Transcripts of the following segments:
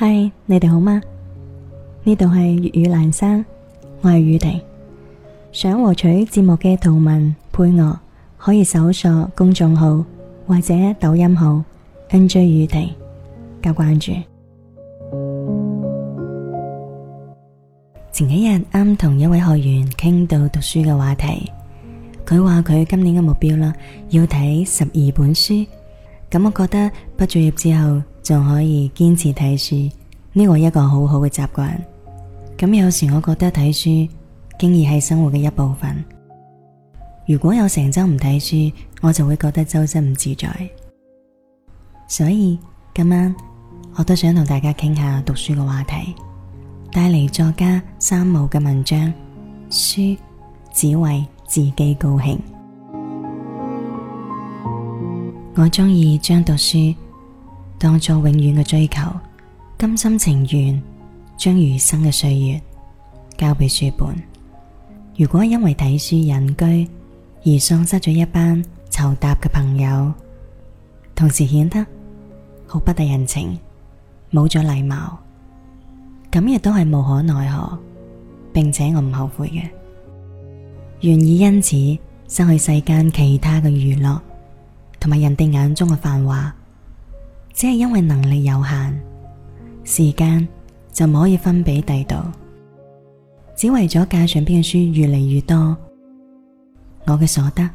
嗨，Hi, 你哋好嗎？呢度係粵語蘭生，我係宇婷。想獲取節目嘅圖文配樂，可以搜索公眾號或者抖音號 NJ 宇婷加關注。前幾日啱同一位學員傾到讀書嘅話題，佢話佢今年嘅目標啦，要睇十二本書。咁我覺得畢咗業之後仲可以堅持睇書，呢個係一個好好嘅習慣。咁有時我覺得睇書經已係生活嘅一部分。如果有成周唔睇書，我就會覺得周身唔自在。所以今晚我都想同大家傾下讀書嘅話題，帶嚟作家三毛嘅文章《書只為自己高興》。我鍾意將讀書當做永遠嘅追求，甘心情願將餘生嘅歲月交俾書本。如果因為睇書隱居而喪失咗一班酬答嘅朋友，同時顯得好不得人情，冇咗禮貌，咁亦都係無可奈何，並且我唔後悔嘅，願意因此失去世間其他嘅娛樂。同埋人哋眼中嘅繁華，只係因為能力有限，時間就唔可以分俾第二度。只為咗架上邊嘅書越嚟越多，我嘅所得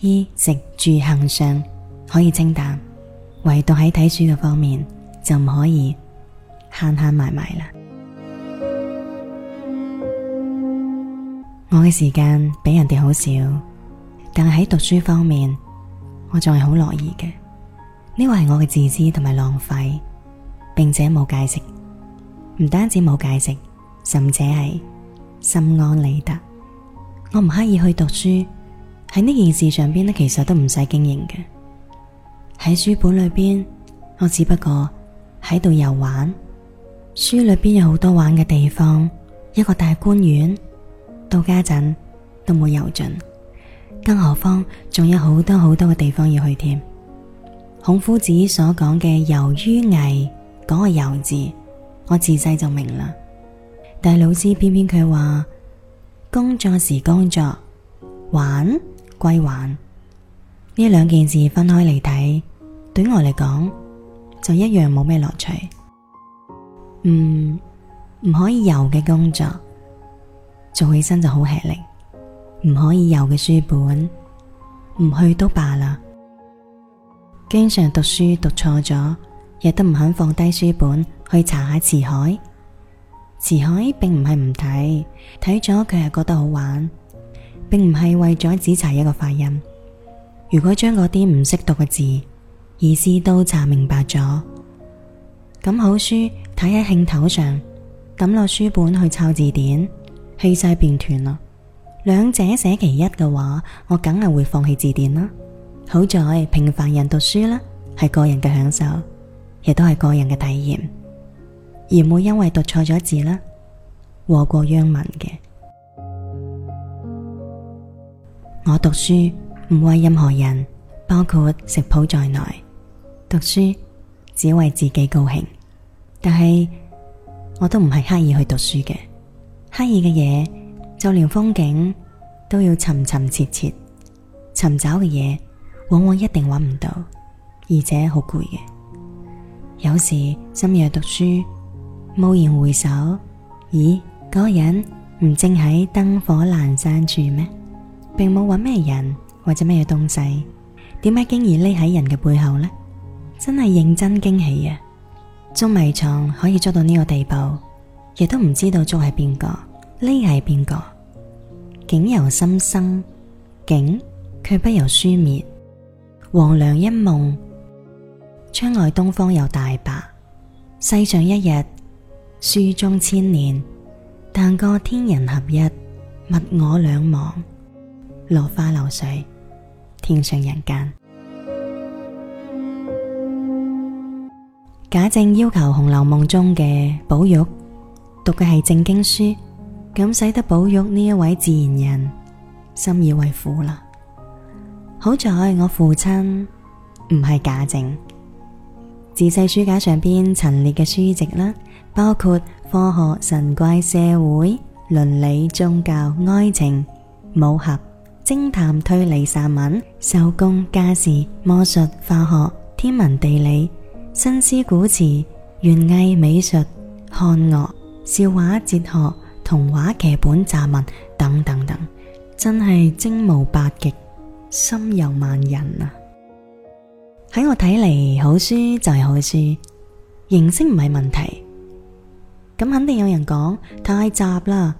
衣食住行上可以清淡，唯獨喺睇書嘅方面就唔可以慳慳埋埋啦。我嘅時間比人哋好少，但係喺讀書方面。我仲係好樂意嘅，呢個係我嘅自私同埋浪費，並且冇解釋。唔單止冇解釋，甚至係心安理得。我唔刻意去讀書，喺呢件事上邊呢，其實都唔使經營嘅。喺書本裏邊，我只不過喺度遊玩。書裏邊有好多玩嘅地方，一個大觀園，到家陣都冇遊盡。更何況仲有好多好多嘅地方要去添。孔夫子所講嘅游於藝，嗰個游字，我自細就明啦。但係老師偏偏佢話工作時工作，玩歸玩，呢兩件事分開嚟睇，對我嚟講就一樣冇咩樂趣。嗯，唔可以游嘅工作，做起身就好吃力。唔可以游嘅書本，唔去都罷啦。經常讀書讀錯咗，亦都唔肯放低書本去查下辭海。辭海並唔係唔睇，睇咗佢係覺得好玩，並唔係為咗只查一個發音。如果將嗰啲唔識讀嘅字意思都查明白咗，咁好書睇喺興頭上，抌落書本去抄字典，氣勢變斷啦。兩者寫其一嘅話，我梗係會放棄字典啦。好在平凡人讀書啦，係個人嘅享受，亦都係個人嘅體驗，而唔會因為讀錯咗字啦禍國殃民嘅。我讀書唔為任何人，包括食譜在內，讀書只為自己高興。但係我都唔係刻意去讀書嘅，刻意嘅嘢。就連風景都要尋尋切切，尋找嘅嘢，往往一定揾唔到，而且好攰嘅。有時深夜讀書，驀然回首，咦，嗰個人唔正喺燈火闌珊處咩？並冇揾咩人或者咩嘢東西，點解竟然匿喺人嘅背後咧？真係認真驚喜啊！捉迷藏可以捉到呢個地步，亦都唔知道捉係邊個。呢係邊個？境由心生，境卻不由書滅。黃粱一夢，窗外東方又大白。世上一日，書中千年。但覺天人合一，物我兩忘。落花流水，天上人間。賈政要求《紅樓夢》中嘅寶玉讀嘅係正經書。咁使得寶玉呢一位自然人深以為苦啦。好在我父親唔係賈政，自細書架上邊陳列嘅書籍啦，包括科學、神怪、社會、倫理、宗教、愛情、武俠、偵探推理、散文、手工家事、魔術、化學、天文地理、新詩古詞、園藝美術、漢樂、笑話、哲學。童話、劇本、雜文等等等，真係精鶩八極，心遊萬仞啊！喺我睇嚟，好書就係好書，形式唔係問題。咁肯定有人講太雜啦。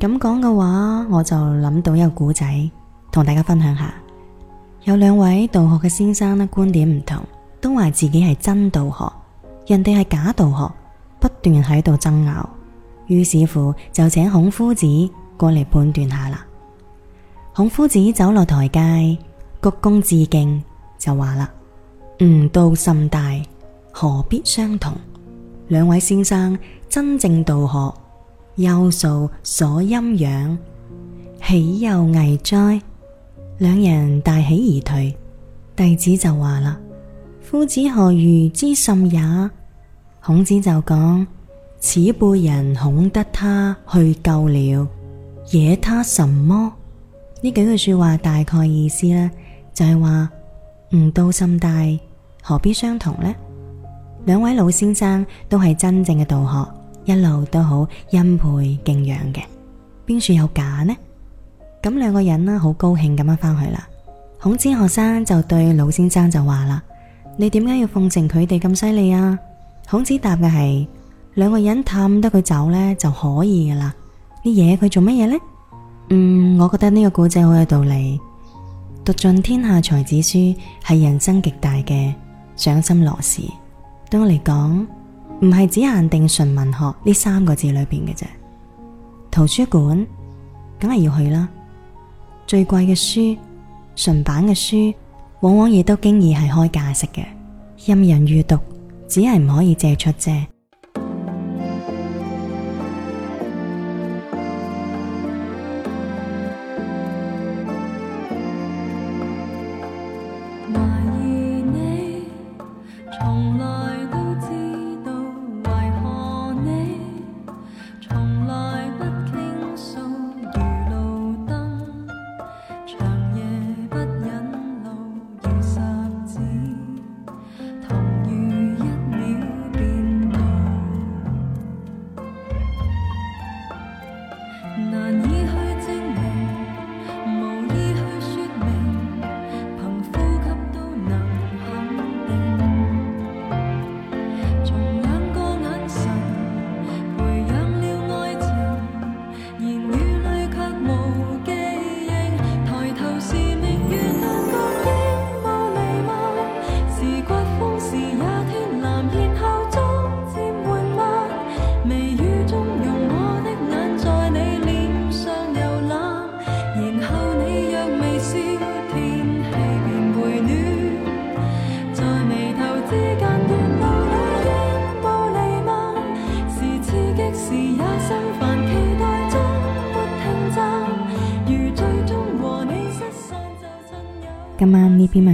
咁講嘅話，我就諗到一個古仔，同大家分享下。有兩位道學嘅先生咧，觀點唔同，都話自己係真道學，人哋係假道學，不斷喺度爭拗。於是乎，就請孔夫子過嚟判斷下啦。孔夫子走落台階，鞠躬致敬，就話啦：吾道甚大，何必相同？兩位先生真正道學，休素所陰陽，豈有危哉？兩人大喜而退。弟子就話啦：夫子何如之甚也？孔子就講。此輩人恐得他去救了，惹他什麼？呢幾句說話大概意思呢，就係話悟到心大，何必相同呢？兩位老先生都係真正嘅道學，一路都好欽佩敬仰嘅，邊處有假呢？咁兩個人呢，好高興咁樣翻去啦。孔子學生就對老先生就話啦：你點解要奉承佢哋咁犀利啊？孔子答嘅係。兩個人氹得佢走咧就可以噶啦。啲嘢佢做乜嘢咧？嗯，我覺得呢個古仔好有道理。讀盡天下才子書係人生極大嘅賞心樂事。對我嚟講，唔係只限定純文學呢三個字裏邊嘅啫。圖書館梗係要去啦。最貴嘅書、純版嘅書，往往亦都經已係開價式嘅。任人閱讀只係唔可以借出啫。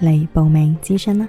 嚟報名諮詢啦。